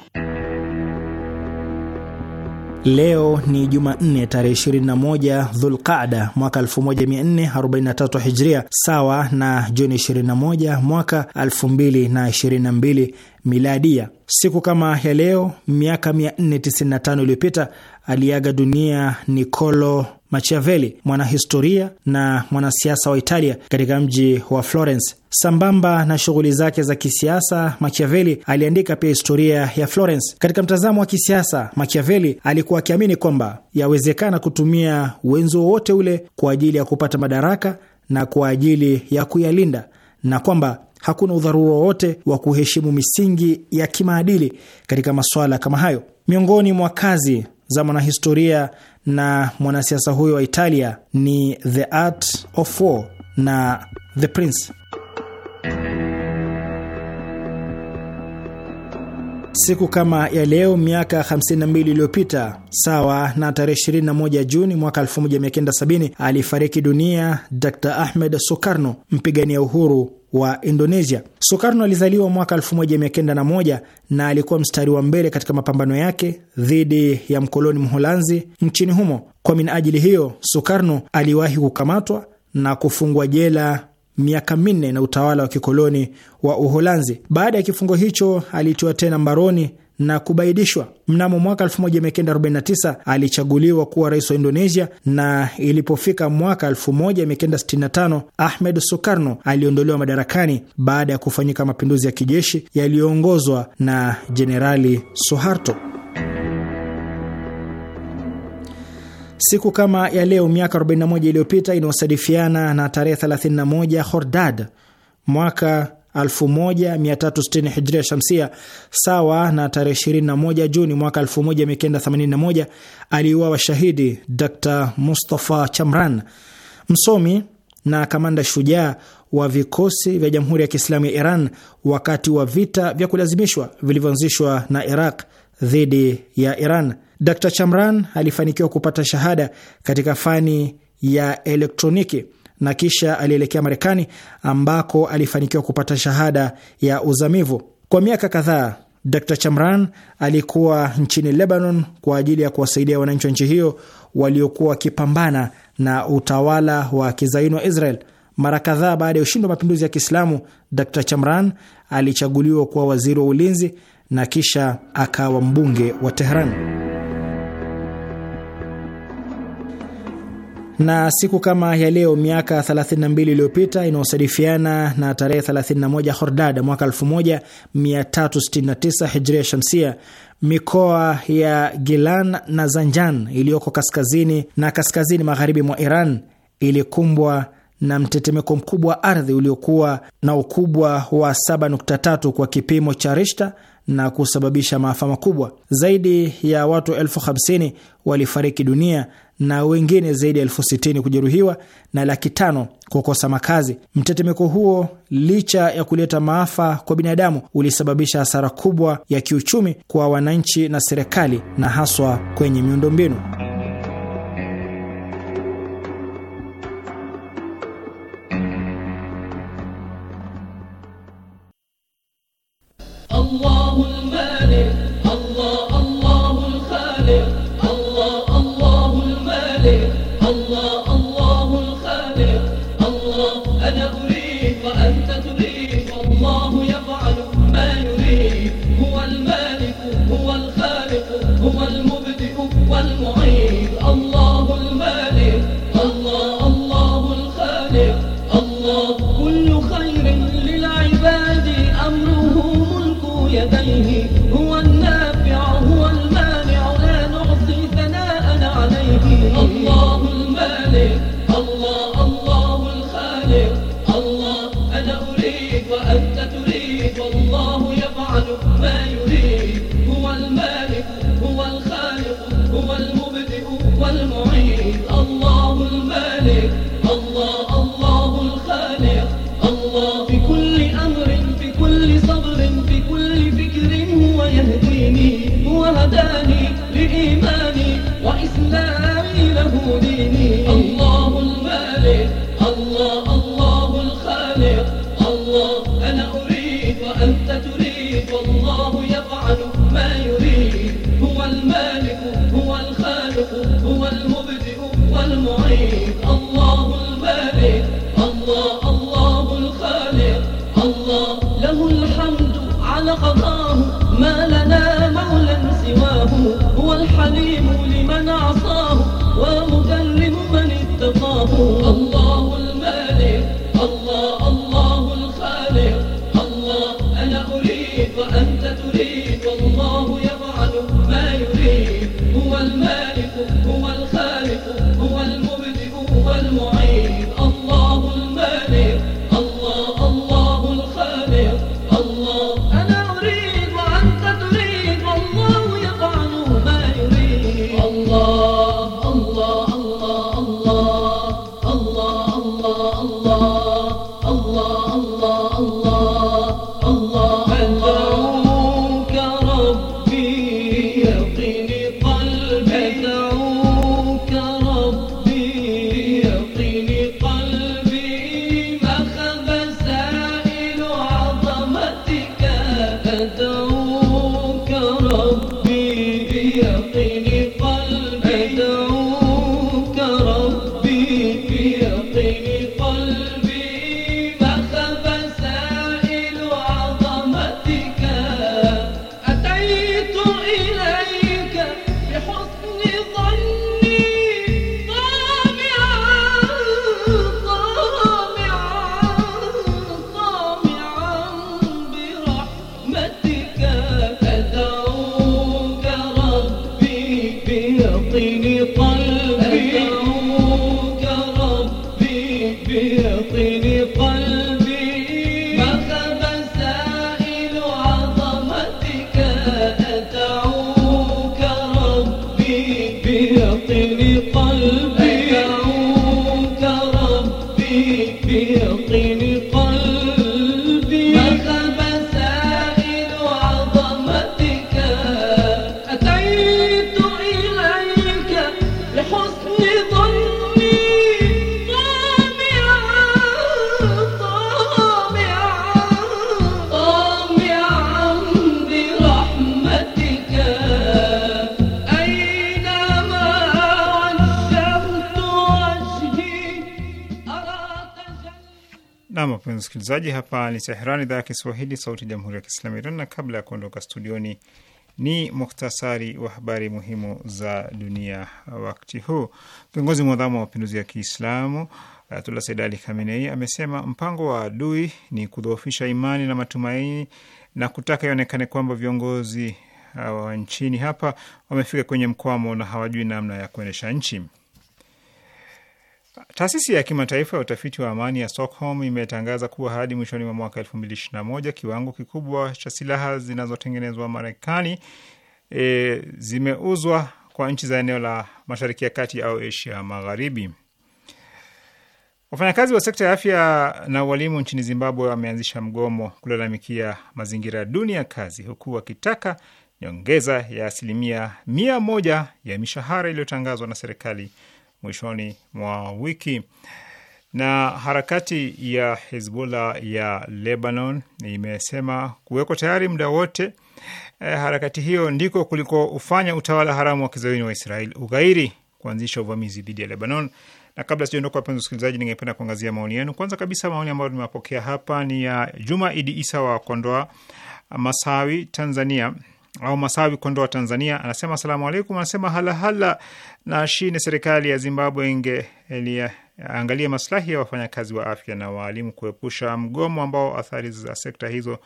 Leo ni Jumanne tarehe 21 Dhulqada mwaka 1443 Hijria, sawa na Juni 21 mwaka 2022 Miladia. Siku kama ya leo miaka 495 iliyopita aliaga dunia Nicolo Machiavelli, mwanahistoria na mwanasiasa wa Italia, katika mji wa Florence. Sambamba na shughuli zake za kisiasa, Machiavelli aliandika pia historia ya Florence. Katika mtazamo wa kisiasa, Machiavelli alikuwa akiamini kwamba yawezekana kutumia wenzo wowote ule kwa ajili ya kupata madaraka na kwa ajili ya kuyalinda na kwamba hakuna udharura wowote wa kuheshimu misingi ya kimaadili katika masuala kama hayo. Miongoni mwa kazi za mwanahistoria na mwanasiasa huyo wa Italia ni The Art of War na The Prince. Siku kama ya leo miaka 52 iliyopita, sawa na tarehe 21 Juni mwaka 1970, alifariki dunia Dr. Ahmed Sukarno, mpigania uhuru wa Indonesia. Sukarno alizaliwa mwaka 1901 na, na alikuwa mstari wa mbele katika mapambano yake dhidi ya mkoloni Mholanzi nchini humo. Kwa minajili hiyo, Sukarno aliwahi kukamatwa na kufungwa jela miaka minne na utawala wa kikoloni wa Uholanzi. Baada ya kifungo hicho alitiwa tena mbaroni na kubaidishwa. Mnamo mwaka 1949 alichaguliwa kuwa rais wa Indonesia, na ilipofika mwaka 1965 Ahmed Sukarno aliondolewa madarakani baada ya kufanyika mapinduzi ya kijeshi yaliyoongozwa na Jenerali Suharto. Siku kama ya leo miaka 41 iliyopita inayosadifiana na tarehe 31 Hordad mwaka 1360 Hijria Shamsia, sawa na tarehe 21 Juni mwaka 1981, aliuawa washahidi Dr Mustafa Chamran, msomi na kamanda shujaa wa vikosi vya Jamhuri ya Kiislamu ya Iran wakati wa vita vya kulazimishwa vilivyoanzishwa na Iraq dhidi ya Iran. Dr Chamran alifanikiwa kupata shahada katika fani ya elektroniki na kisha alielekea Marekani ambako alifanikiwa kupata shahada ya uzamivu. Kwa miaka kadhaa, Dr Chamran alikuwa nchini Lebanon kwa ajili ya kuwasaidia wananchi wa nchi hiyo waliokuwa wakipambana na utawala wa kizaini wa Israel. Mara kadhaa baada ya ushindi wa mapinduzi ya Kiislamu, Dr Chamran alichaguliwa kuwa waziri wa ulinzi na kisha akawa mbunge wa Tehran. Na siku kama ya leo miaka 32 iliyopita inayosadifiana na tarehe 31 Hordada mwaka 1369 Hijria Shamsia, mikoa ya Gilan na Zanjan iliyoko kaskazini na kaskazini magharibi mwa Iran ilikumbwa na mtetemeko mkubwa wa ardhi uliokuwa na ukubwa wa 7.3 kwa kipimo cha Richter na kusababisha maafa makubwa. Zaidi ya watu elfu hamsini walifariki dunia na wengine zaidi ya elfu sitini kujeruhiwa na laki tano kukosa makazi. Mtetemeko huo licha ya kuleta maafa kwa binadamu, ulisababisha hasara kubwa ya kiuchumi kwa wananchi na serikali, na haswa kwenye miundombinu. Allah Alcohol. بيقين قلبي أعود ربي بيقين wapenzi wasikilizaji, hapa ni Teheran, idhaa ya Kiswahili, sauti ya jamhuri ya kiislamu Iran. Na kabla ya kuondoka studioni, ni muhtasari wa habari muhimu za dunia wakati huu. Kiongozi mwadhamu wa mapinduzi ya Kiislamu Ayatullah Said Ali Khamenei amesema mpango wa adui ni kudhoofisha imani na matumaini na kutaka ionekane kwamba viongozi uh, wa nchini hapa wamefika kwenye mkwamo na hawajui namna ya kuendesha nchi. Taasisi ya kimataifa ya utafiti wa amani ya Stockholm imetangaza kuwa hadi mwishoni mwa mwaka moja kiwango kikubwa cha silaha zinazotengenezwa Marekani e, zimeuzwa kwa nchi za eneo la Mashariki ya Kati au Asia Magharibi. Wafanyakazi wa sekta ya afya na ualimu nchini Zimbabwe wameanzisha mgomo kulalamikia mazingira duni ya kazi, huku wakitaka nyongeza ya asilimia mia moja ya mishahara iliyotangazwa na serikali mwishoni mwa wiki. Na harakati ya Hezbollah ya Lebanon imesema kuweko tayari muda wote eh, harakati hiyo ndiko kuliko ufanya utawala haramu wa kizayuni wa israel ughairi kuanzisha uvamizi dhidi ya Lebanon. Na kabla sijaondoka, wapenzi wasikilizaji, ningependa kuangazia maoni yenu. Kwanza kabisa, maoni ambayo nimepokea hapa ni ya Juma Idi Isa wa Kondoa Masawi, Tanzania au Masawi, Kondoa, Tanzania, anasema asalamu alaikum. Anasema halahala na shine serikali ya Zimbabwe inge angalie maslahi ya wafanyakazi wa afya na waalimu kuepusha mgomo ambao athari za sekta hizo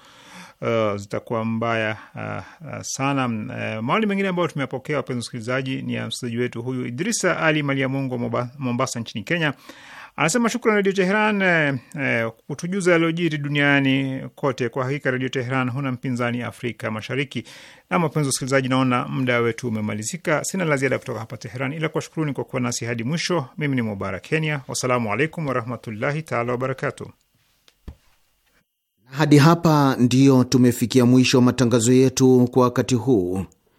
uh, zitakuwa mbaya uh, sana. Uh, maoni mengine ambayo tumeyapokea wapenzi wasikilizaji, ni ya msikilizaji wetu huyu Idrisa Ali Malia wa Mombasa nchini Kenya Anasema shukran Redio Teheran eh, eh, kutujuza yaliyojiri duniani kote. Kwa hakika Redio Teheran huna mpinzani Afrika Mashariki. Na mapenzi usikilizaji naona muda wetu umemalizika. Sina la ziada kutoka hapa Teheran ila kuwashukuruni kwa kuwa nasi hadi mwisho. Mimi ni Mubarak Kenya, wassalamu alaikum warahmatullahi taala wabarakatu Hadi hapa ndiyo tumefikia mwisho wa matangazo yetu kwa wakati huu.